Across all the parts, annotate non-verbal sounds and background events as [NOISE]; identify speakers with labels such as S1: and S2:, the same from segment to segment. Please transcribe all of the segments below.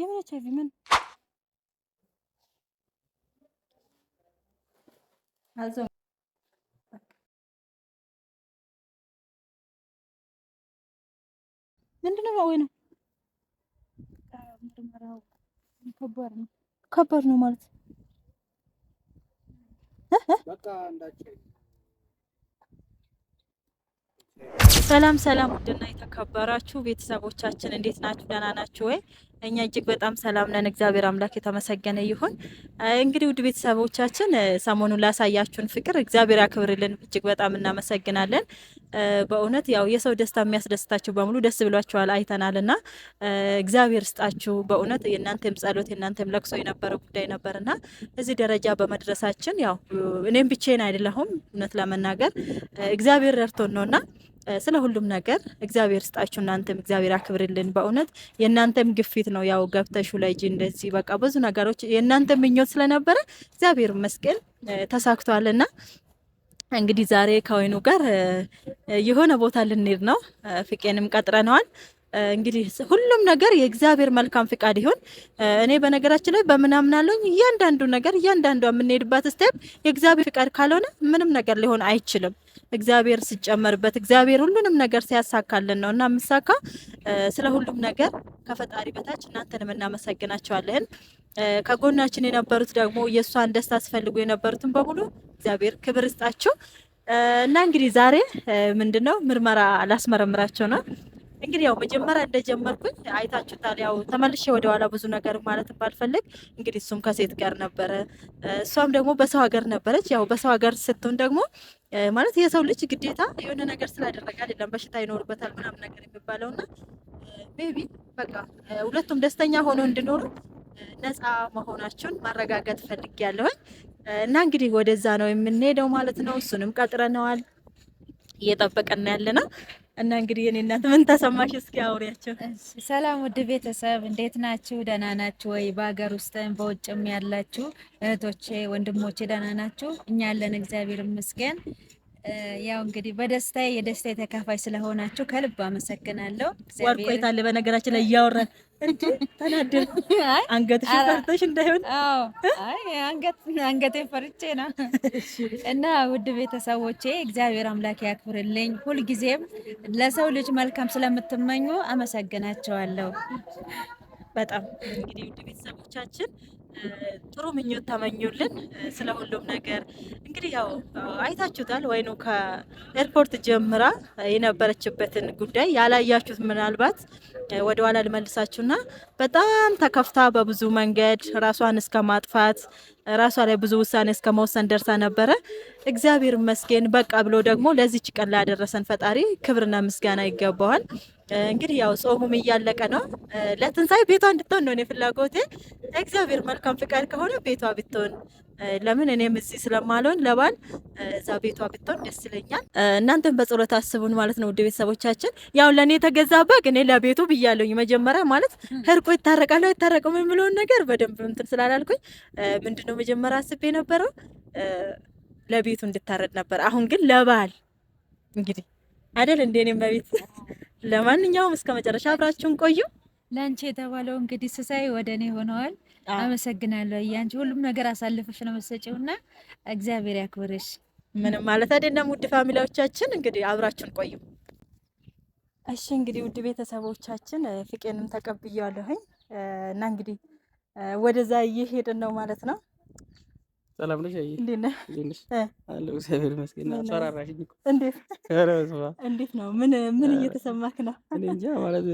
S1: የምን ኤች አይ ቪ ምን ምንድን ነው ወይ ነው ከባድ ነው ማለት ሰላም ሰላም፣ ውድና የተከበራችሁ ቤተሰቦቻችን እንዴት ናችሁ? ደህና ናችሁ ወይ? እኛ እጅግ በጣም ሰላም ነን። እግዚአብሔር አምላክ የተመሰገነ ይሁን። እንግዲህ ውድ ቤተሰቦቻችን ሰሞኑን ላሳያችሁን ፍቅር እግዚአብሔር ያክብርልን። እጅግ በጣም እናመሰግናለን። በእውነት ያው የሰው ደስታ የሚያስደስታችሁ በሙሉ ደስ ብሏችኋል አይተናል እና እግዚአብሔር ስጣችሁ። በእውነት የእናንተም ጸሎት የእናንተም ለቅሶ የነበረ ጉዳይ ነበርና እዚህ ደረጃ በመድረሳችን ያው እኔም ብቼን አይደለሁም እውነት ለመናገር እግዚአብሔር ረድቶን ነውና ስለ ሁሉም ነገር እግዚአብሔር ስጣችሁ። እናንተም እግዚአብሔር አክብርልን። በእውነት የእናንተም ግፊት ነው ያው ገብተሽ ውለጂ እንደዚህ በቃ ብዙ ነገሮች የእናንተ ምኞት ስለነበረ እግዚአብሔር ይመስገን ተሳክቷልና እንግዲህ ዛሬ ከወይኑ ጋር የሆነ ቦታ ልንሄድ ነው። ፍቄንም ቀጥረነዋል። እንግዲህ ሁሉም ነገር የእግዚአብሔር መልካም ፍቃድ ይሁን። እኔ በነገራችን ላይ በምናምናለኝ እያንዳንዱ ነገር እያንዳንዷ የምንሄድባት ስቴፕ የእግዚአብሔር ፍቃድ ካልሆነ ምንም ነገር ሊሆን አይችልም። እግዚአብሔር ሲጨመርበት እግዚአብሔር ሁሉንም ነገር ሲያሳካልን ነው እና ምሳካ ስለ ሁሉም ነገር ከፈጣሪ በታች እናንተንም እናመሰግናቸዋለን። ከጎናችን የነበሩት ደግሞ የእሷን ደስታ አስፈልጉ የነበሩትን በሙሉ እግዚአብሔር ክብር ይስጣችሁ እና እንግዲህ ዛሬ ምንድነው ምርመራ ላስመረምራቸው ነው እንግዲህ ያው መጀመሪያ እንደጀመርኩኝ አይታችሁታል። ያው ተመልሼ ወደኋላ ብዙ ነገር ማለት ባልፈልግ እንግዲህ እሱም ከሴት ጋር ነበረ፣ እሷም ደግሞ በሰው ሀገር ነበረች። ያው በሰው ሀገር ስትሆን ደግሞ ማለት የሰው ልጅ ግዴታ የሆነ ነገር ስላደረገ አይደለም በሽታ ይኖርበታል ምናምን ነገር የሚባለውና ቤቢ በቃ ሁለቱም ደስተኛ ሆኖ እንዲኖሩ ነፃ መሆናቸውን ማረጋገጥ ፈልግ እና እንግዲህ ወደዛ ነው የምንሄደው ማለት ነው። እሱንም ቀጥረነዋል እየጠበቀና ያለ ነው። እና እንግዲህ የኔ እናት ምን ተሰማሽ? እስኪ አውሪያቸው። ሰላም ውድ ቤተሰብ እንዴት ናችሁ? ደህና ናችሁ ወይ? በሀገር ውስጥም በውጭም ያላችሁ እህቶቼ፣ ወንድሞቼ ደህና ናችሁ? እኛ ያለን እግዚአብሔር ይመስገን። ያው እንግዲህ በደስታ የደስታ ተካፋይ ስለሆናችሁ ከልብ አመሰግናለሁ። የታለ በነገራችን ላይ እያወራን እንዴ ተናደር አንገትሽ ፈርተሽ እንዳይሆን? አይ አንገት ፈርቼ ነው። እና ውድ ቤተሰቦቼ እግዚአብሔር አምላክ ያክብርልኝ። ሁልጊዜም ለሰው ልጅ መልካም ስለምትመኙ አመሰግናቸዋለሁ በጣም እንግዲህ ውድ ቤተሰቦቻችን ጥሩ ምኞት ተመኙልን ስለ ሁሉም ነገር። እንግዲህ ያው አይታችሁታል ወይኑ ከኤርፖርት ጀምራ የነበረችበትን ጉዳይ ያላያችሁት ምናልባት ወደኋላ ልመልሳችሁና በጣም ተከፍታ በብዙ መንገድ ራሷን እስከ ማጥፋት ራሷ ላይ ብዙ ውሳኔ እስከ መወሰን ደርሳ ነበረ። እግዚአብሔር ይመስገን በቃ ብሎ ደግሞ ለዚች ቀን ላደረሰን ፈጣሪ ክብርና ምስጋና ይገባዋል። እንግዲህ ያው ጾሙም እያለቀ ነው። ለትንሳኤ ቤቷ እንድትሆን ነው እኔ ፍላጎቴ። እግዚአብሔር መልካም መልካም ፍቃድ ከሆነ ቤቷ ብትሆን ለምን እኔም እዚህ ስለማልሆን ለባል እዛ ቤቷ ብትሆን ደስ ይለኛል። እናንተም በጸሎት አስቡን ማለት ነው ውድ ቤተሰቦቻችን። ያው ለእኔ የተገዛ በግ እኔ ለቤቱ ብያለሁኝ። መጀመሪያ ማለት ህርቆ ይታረቃለሁ አይታረቅም የምለውን ነገር በደንብ እንትን ስላላልኩኝ ምንድነው መጀመሪያ አስቤ የነበረው ለቤቱ እንድታረድ ነበር። አሁን ግን ለባል እንግዲህ አይደል እንደ እኔም በቤት ለማንኛውም እስከ መጨረሻ አብራችሁን ቆዩ። ለአንቺ የተባለው እንግዲህ ስሳይ ወደ እኔ ሆነዋል። አመሰግናለሁ። እያንቺ ሁሉም ነገር አሳልፈሽ ነው መሰጪው እና እግዚአብሔር ያክብርሽ። ምንም ማለት አይደለም። ውድ ፋሚሊዎቻችን እንግዲህ አብራችን ቆዩ። እሺ እንግዲህ ውድ ቤተሰቦቻችን ፍቄንም ተቀብያለሁኝ እና እንግዲህ ወደዛ እየሄድን ነው ማለት ነው። ሰላም ነሽ? አይ እንዴት ነህ?
S2: አለሁ እግዚአብሔር ይመስገን። አስፈራራሽኝ እኮ።
S1: እንዴት እንዴት ነው? ምን ምን እየተሰማክ ነው?
S2: እኔ እንጃ ማለት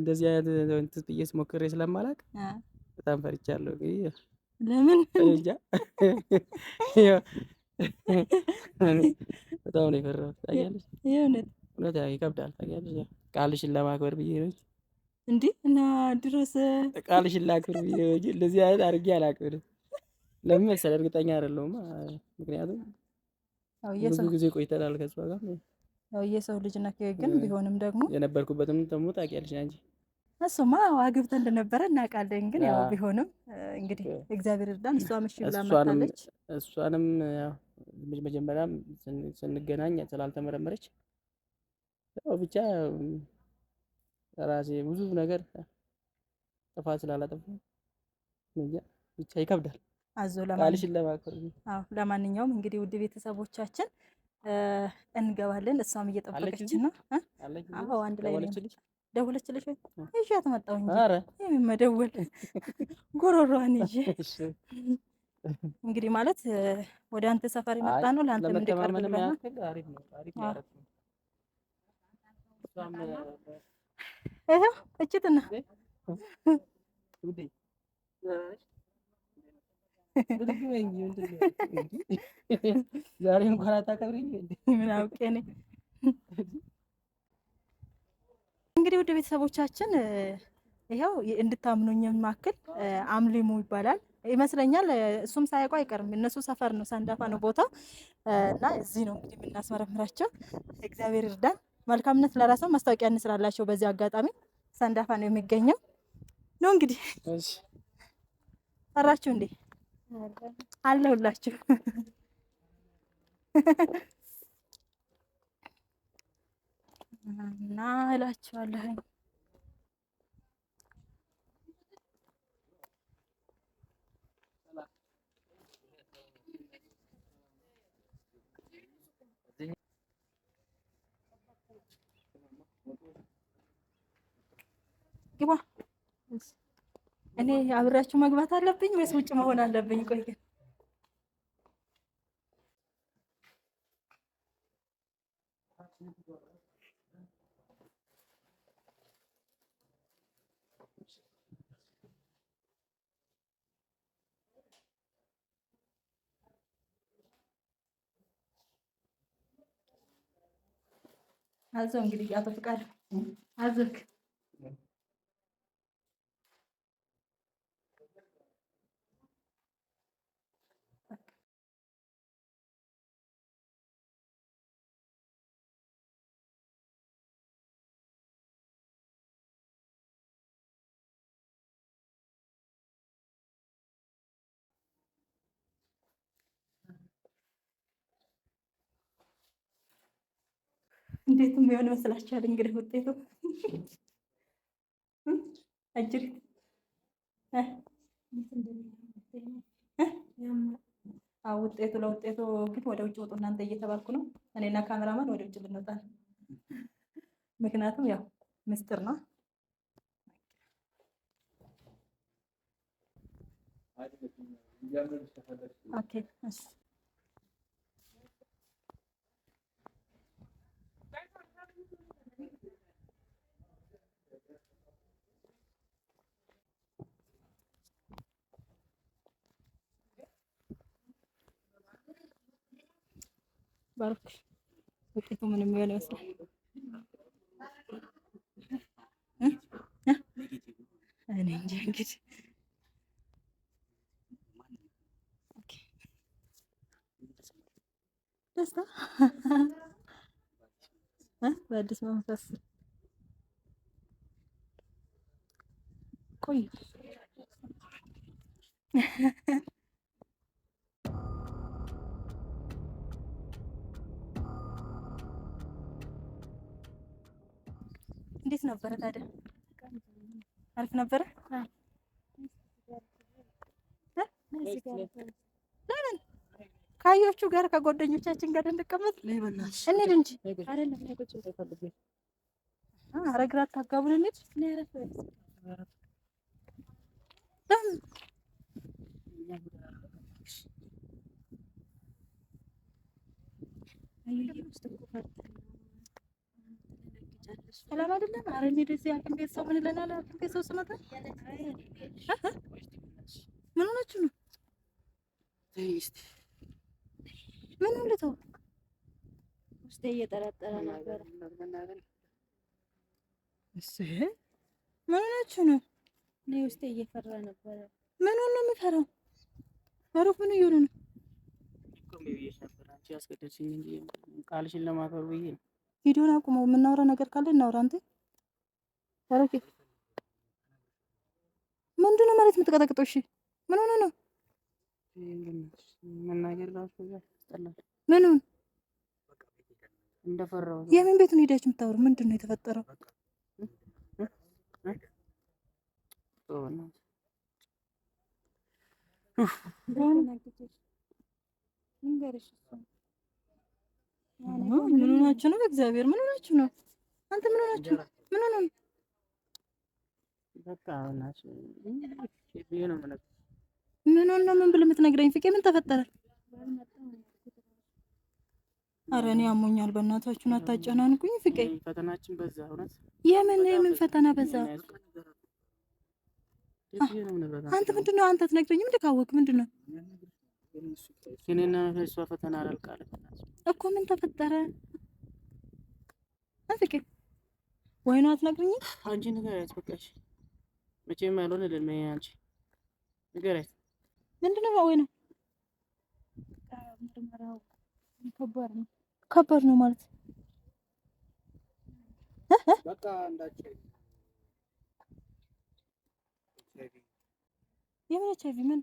S2: እንደዚህ አይነት ትጥዬስ ስሞክሬ ስለማላውቅ በጣም ፈርቻለሁ። እንግዲህ ለምን በጣም ነው የፈራሁት። ይከብዳል። ቃልሽን ለማክበር ብዬ ነው
S1: እንጂ እና ድረስ
S2: ቃልሽን ላክብር ብዬ ነው እንጂ እንደዚህ አይነት አድርጌ አላክብርም። ለምን መሰለህ? እርግጠኛ አይደለሁም። ምክንያቱም ብዙ ጊዜ ቆይተናል ከእሷ ጋር።
S1: ያው የሰው ልጅ ግን ቢሆንም ደግሞ
S2: የነበርኩበትም ደግሞ ታውቂያለሽ አንቺ
S1: እሱማ አግብተ እንደነበረ እናውቃለን። ግን ያው ቢሆንም እንግዲህ እግዚአብሔር እርዳን። እሷ መሽ ብላ መጣለች።
S2: እሷንም መጀመሪያም ስንገናኝ ስላልተመረመረች ያው ብቻ ራሴ ብዙ ነገር ጥፋት ስላላጠፋ ብቻ ይከብዳል።
S1: አዞ ለማንኛውም እንግዲህ ውድ ቤተሰቦቻችን እንገባለን። እሷም እየጠበቀችን ነው። አዎ አንድ ላይ ነው ደውለችልሽ ይዣት መጣሁ
S2: እንጂ
S1: መደወል ጎሮሮዋን [LAUGHS] ይዤ እንግዲህ ማለት ወደ አንተ ሰፈር የመጣ ነው። ለአንተ ምንድቀርብ ይኸው እችትና
S2: ዛሬ እንኳን አታከብሪኝ
S1: ምን አውቄ እኔ [LAUGHS] እንግዲህ ውድ ቤተሰቦቻችን ይኸው እንድታምኑኝ ማክል አምሊሙ ይባላል ይመስለኛል። እሱም ሳያውቁ አይቀርም። እነሱ ሰፈር ነው፣ ሳንዳፋ ነው ቦታው እና እዚህ ነው እንግዲህ የምናስመረምራቸው። እግዚአብሔር እርዳን። መልካምነት ለራስ ማስታወቂያ እንስራላቸው። በዚህ አጋጣሚ ሳንዳፋ ነው የሚገኘው። ነው እንግዲህ ፈራችሁ እንዴ? አለሁላችሁ እና እላችኋለሁኝ። ግባ። እኔ አብሬያችሁ መግባት አለብኝ ወይስ ውጭ መሆን አለብኝ? ቆይ ግን አዞ እንግዲህ አቶ ፍቃድ አዞክ እንዴት የሚሆን ይመስላችኋል? እንግዲህ ውጤቱ አጅር ውጤቱ ለውጤቱ ግን ወደ ውጭ ውጡ እናንተ እየተባልኩ ነው። እኔና ካሜራማን ወደ ውጭ ልንወጣ፣ ምክንያቱም ያው ምስጢር ነው። ኦኬ እሺ ባርኩሽ። ውጤቱ ምን የሚሆን ይመስላል? እኔ እንጃ እንግዲህ ደስታ በአዲስ መንፈስ ቆዩ። እንዴት ነበረ ታዲያ? አሪፍ ነበረ። ለምን ካዮቹ ጋር ከጓደኞቻችን ጋር እንድቀመጥ
S2: እንሂድ
S1: እንጂ አይደለም። ኧረ ግራ አታጋቡን እንሂድ ሰላም አይደለም። አረ እኔ እንደዚህ ሐኪም ቤት ሰው ምን ይለናል? ሐኪም ቤት ሰው ስመጣ ምን ሆነች ነው? ምን ልተው ውስጤ እየጠረጠረ ነበር። ምን ሆነች ነው? እኔ ውስጤ እየፈራ ነበረ። ምን ሆነ ነው የምፈራው? ማሩፍ ምን እየሆነ ነው?
S2: ቃልሽን ለማፈር ብዬ ነው
S1: ቪዲዮን አቁመው። የምናወራ ነገር ካለ እናውራ። አንተ ታረቂ ምንድን ነው ማለት የምትቀጠቅጠው? እሺ ምን ሆነ ነው?
S2: ምኑን የምን ቤት ነው ሄዳችሁ
S1: የምታወሩ? ምንድን ነው የተፈጠረው? ምን ሆናችሁ ነው? እግዚአብሔር ምን ሆናችሁ ነው? አንተ ምን ሆናችሁ ነው? ምን ሆነ? በቃ ምን ሆነ ነው? ምን ብለህ የምትነግረኝ ፍቄ? ምን ተፈጠረ? አረ እኔ አሞኛል። በእናታችሁን አታጨናንቁኝ ፍቄ።
S2: ፈተናችን በዛ። እውነት
S1: የምን የምን ፈተና በዛ? አንተ ምንድን ነው አንተ አትነግረኝም? እንደ ካወቅ ምንድን ነው
S2: የእኔና የእሷ ፈተና አላልቃለም
S1: እኮ ምን ተፈጠረ? ወይ ነው አትነግሪኝ?
S2: አንቺ ንገሪያት በቃሽ። መቼም አልሆነ ለምን አንቺ ንገሪያት።
S1: ምንድን ነው ወይኑ? ከባድ ነው ከባድ ነው ማለት
S2: በቃ እንዳትሄድ የምን ኤች አይ ቪ ምን